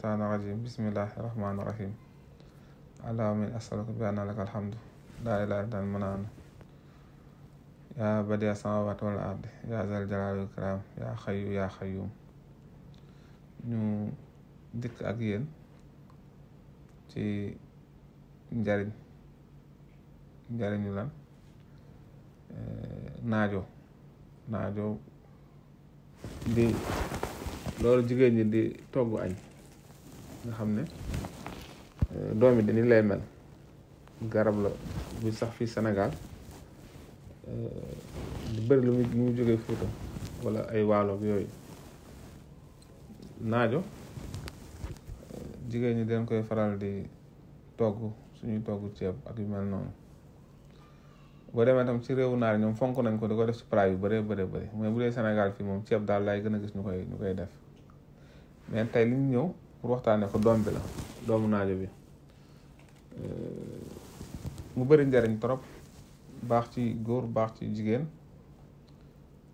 الشيطان الرجيم بسم الله الرحمن الرحيم اللهم من أسألك بأن لك الحمد لا إله إلا المنان يا بديع السماوات والأرض يا ذا الجلال والإكرام يا خيو يا قيوم نو ديك ak تي نجارين نجارين njariñu ناجو ناجو دي di loolu دي توغو di nga xam ne euh, doom yi dañu lay mel garab la bu sax fii senegal euh, lu bëri lu muy jógee Fuuta wala ay waalo yooyu naajo jigéen ñi dañ koy faral di togg suñuy togg ceeb ak yu mel noonu boo demee tam ci réewu naar ñoom fonk nañ ko di ko def ci plat yu bëree bëri bëri mais bu dee Sénégal fii moom ceeb daal laay gën a gis ñu koy ñu koy def mais tey li ñëw. pour waxtaanee ko doom bi la doomu naajo bi euh, mu bëri njariñ trop baax ci góor baax ci jigéen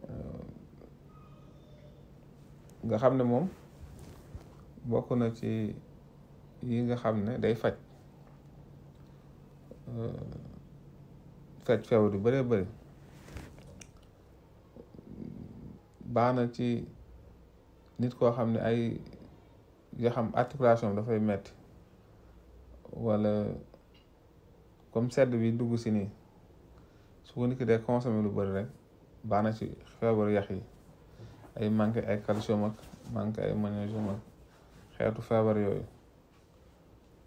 euh, nga xam ne moom bokk na ci yi nga xam ne day faj euh, faj feebar yu bëree bëri baax na ci nit koo xam ne ay nga xam articulation bi dafay metti wala comme sedd bi dugg si nii su ko nit dee consommé lu bëri rek baax na ci feebaru yax yi ay manqué ay calcium ak manqué ay magnésium ak xeetu feebar yooyu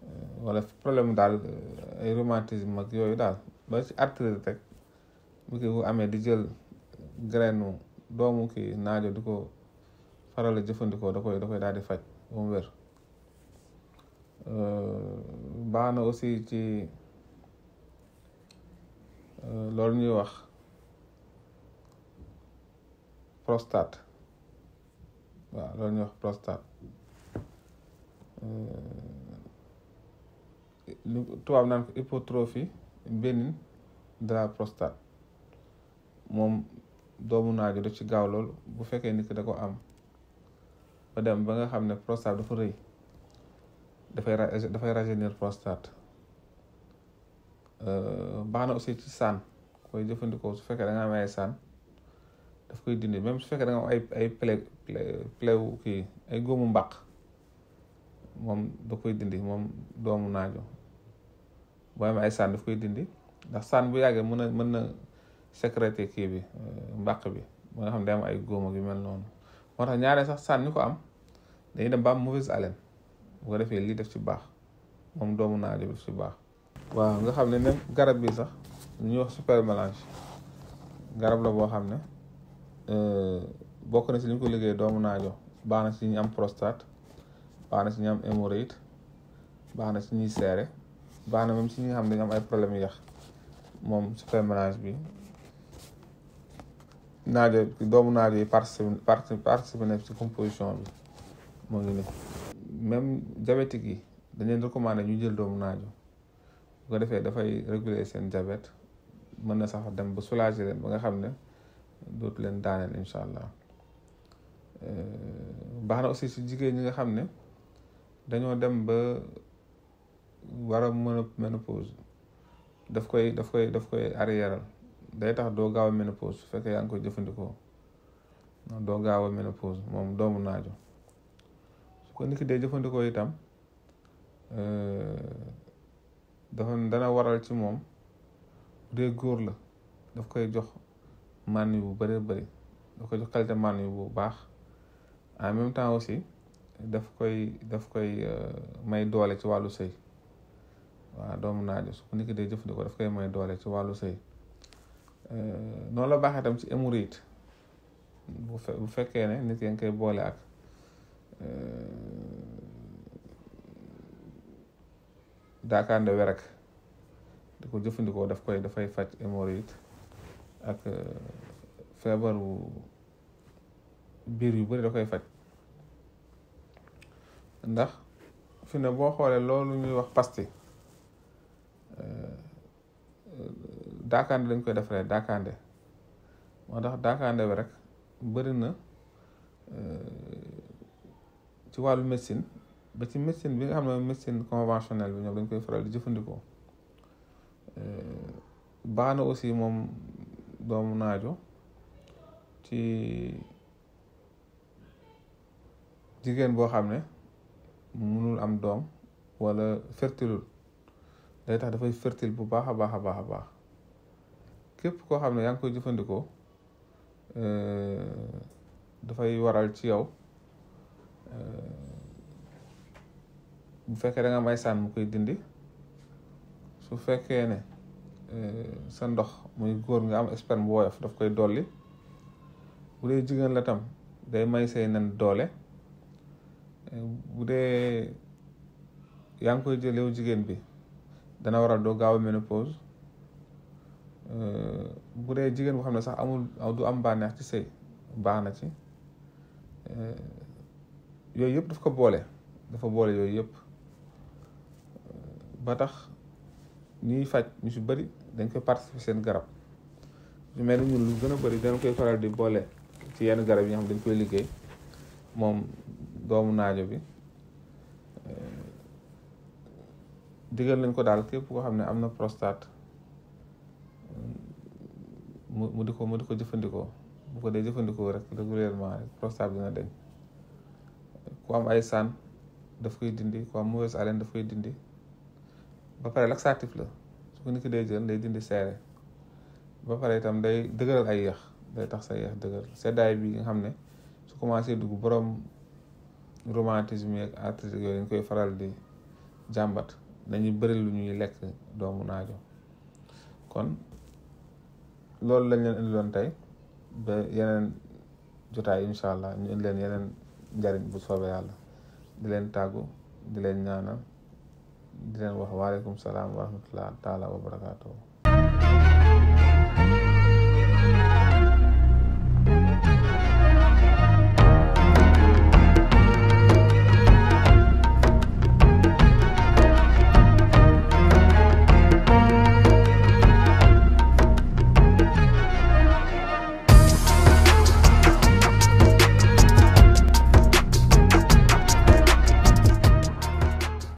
eh, wala problème daal eh, ay rhumatisme ak yooyu daal ba ci arthrite rek bu ki ko amee di jël graine doomu kii naajo du ko faral jëfandikoo da koy da koy daal di faj moom wér euh, baax na aussi ci euh, loolu ñuy wax prostate waaw loolu ñuy wax prostate euh, lu tubaab naan ko hypertrophie bénigne de prostate moom doomu naajo da ci gaaw lool bu fekkee nit ki da ko am ba ba nga xam ne prostate dafa rëy dafay dafay rajeunir prostate euh, baax na aussi ci saan koy jëfandikoo su fekkee dangaa nga am ay saan daf koy dindi même su fekkee da ay ay ple plewu kii ay góomu mbaq moom da koy dindi moom doomu naajo boo amee ay saan daf koy dindi ndax saan bu yàggee mën na mën na sécréter kii bi euh, mbaq bi ba nga xam ne day am ay góoma ak yu mel noonu moo tax ñaare sax sànni ko am dañuy dem ba am mauvaise haleine bu ko defee lii def ci baax moom doomu naajo def ci baax waaw nga xam ne même garab bi sax ñuy wax super garab la boo xam ne euh, bokk na si li ko liggéey doomu naajo baax na si ñu am prostate baax na si ñu am hémorroïde baax na si ñuy seere baax na moom si ñi nga xam ne am ay problème yu yax moom super bi naajo doomu naajo yi participé participé na ci composition bi moo ngi ne même diabétique gi dañ leen recommandé ñu jël doomu naajo bu defee dafay réguler seen jabet mën na sax dem ba soulager leen ba nga xam ne dootu leen daaneel incha allah euh, baax na aussi ci jigéen ñi nga xam ne dañoo dem ba war a mën a ménopause daf koy daf koy daf koy arriéral day tax doo gaaw a ménopause su fekkee yaa ngi koy jëfandikoo doo gaaw a ménopause moom doomu naajo su ko nit ki dee jëfandikoo itam euh, dafa dana waral ci moom bu góor la daf koy jox mànn bu bëree bëri daf koy jox qualité bu baax en même temps aussi daf koy daf koy euh, may doole ci wàllu sëy waaw doomu naajo su ko nit ki dee jëfandikoo daf koy may doole ci wàllu sëy Euh, noonu la baaxe tam ci hémorroïde bu bu fekkee ne nit yaa ngi koy boole ak euh, daakaande werek di ko jëfandikoo daf koy dafay faj hémorroïde ak euh, feebaru biir yu bëri da koy faj ndax fi ne boo xoolee loolu ñuy wax pasti daakaande dañ koy defaree daakaande moo tax daakaande bi rek bëri na euh, ci wàllu médecine ba ci messine bi nga xam ne médecine conventionnelle bi ñoom dañ koy faral di jëfandikoo euh, baax na aussi moom doomu naajo ci jigéen boo xam ne mënul am doom walla fertilul day tax dafay fertile bu baax a baax a baax a baax képp koo xam ne yaa ngi koy jëfandikoo euh, dafay waral ci yow euh, bu fekkee da nga may saan mu koy dindi su fekkee ne euh, sa ndox muy góor nga am sperme bu woyof daf koy dolli bu dee jigéen la tam day may say nen doole bu dee yaa ngi koy jëlew jigéen bi dana waral doo gaaw a ménopause Euh, bu dee jigéen boo xam ne sax amul du am bànneex ci sëy baax na ci euh, yooyu yëpp daf ko boole dafa boole yooyu yëpp ba tax ñuy faj ñu si bari dañ koy participer seen garab su mel ni ñun lu gën a bari dañ koy faral di boole ci yenn garab yi nga xam dañ koy liggéey moom doomu naajo bi jigéen euh, lañ ko daal képp koo xam ne am na prostate mu mu di ko mu di ko jëfandikoo bu ko dee jëfandikoo rek régulièrement rek prostate dina deñ ku am ay saan daf koy dindi ku am mauvaise haleine daf koy dindi ba pare laxatif la su ko nit ki day jël day dindi seere ba pare itam day dëgëral ay yax day tax sa yax dëgër seddaay bi nga xam ne su commencé duggu borom romantisme yeeg yooyu dañ koy faral di jàmbat dañuy bëri lu ñuy lekk doomu naajo kon loolu lañ leen loon tey ba yeneen jotaay incha allah ñu leen yeneen njariñ bu soobee yàlla di leen tàggu di leen ñaanal di leen wax waaleykum salaam wa rahmatullah taala wa barakaatu.